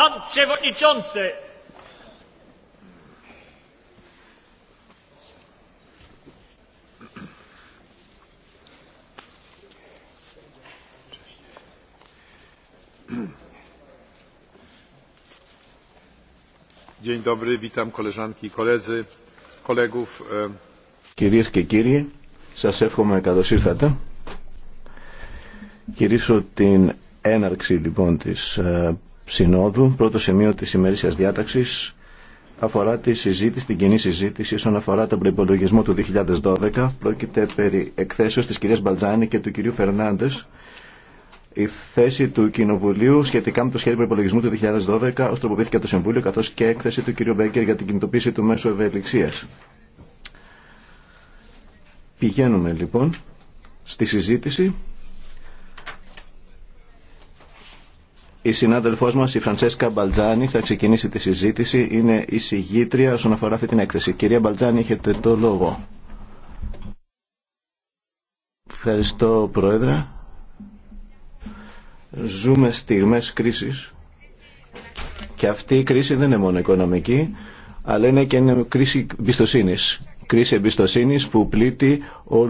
Pan Przewodniczący! Dzień dobry, witam koleżanki i koledzy, kolegów. E, Κυρίες και κύριοι, σας εύχομαι καλώς ήρθατε. Κυρίσω την έναρξη λοιπόν της ε, Συνόδου, πρώτο σημείο της ημερήσιας διάταξης, αφορά τη συζήτηση, την κοινή συζήτηση όσον αφορά τον προπολογισμό του 2012. Πρόκειται περί εκθέσεως της κυρίας Μπαλτζάνη και του κυρίου Φερνάντες η θέση του Κοινοβουλίου σχετικά με το σχέδιο προπολογισμού του 2012 ως τροποποιήθηκε το Συμβούλιο καθώς και έκθεση του κυρίου Μπέκερ για την κινητοποίηση του μέσου ευελιξίας. Πηγαίνουμε λοιπόν στη συζήτηση. Η συνάδελφός μας, η Φραντσέσκα Μπαλτζάνη, θα ξεκινήσει τη συζήτηση. Είναι η συγγήτρια όσον αφορά αυτή την έκθεση. Κυρία Μπαλτζάνη, έχετε το λόγο. Ευχαριστώ, Πρόεδρε. Ζούμε στιγμές κρίσης και αυτή η κρίση δεν είναι μόνο οικονομική, αλλά είναι και κρίση εμπιστοσύνη. Κρίση εμπιστοσύνη που πλήττει όλου.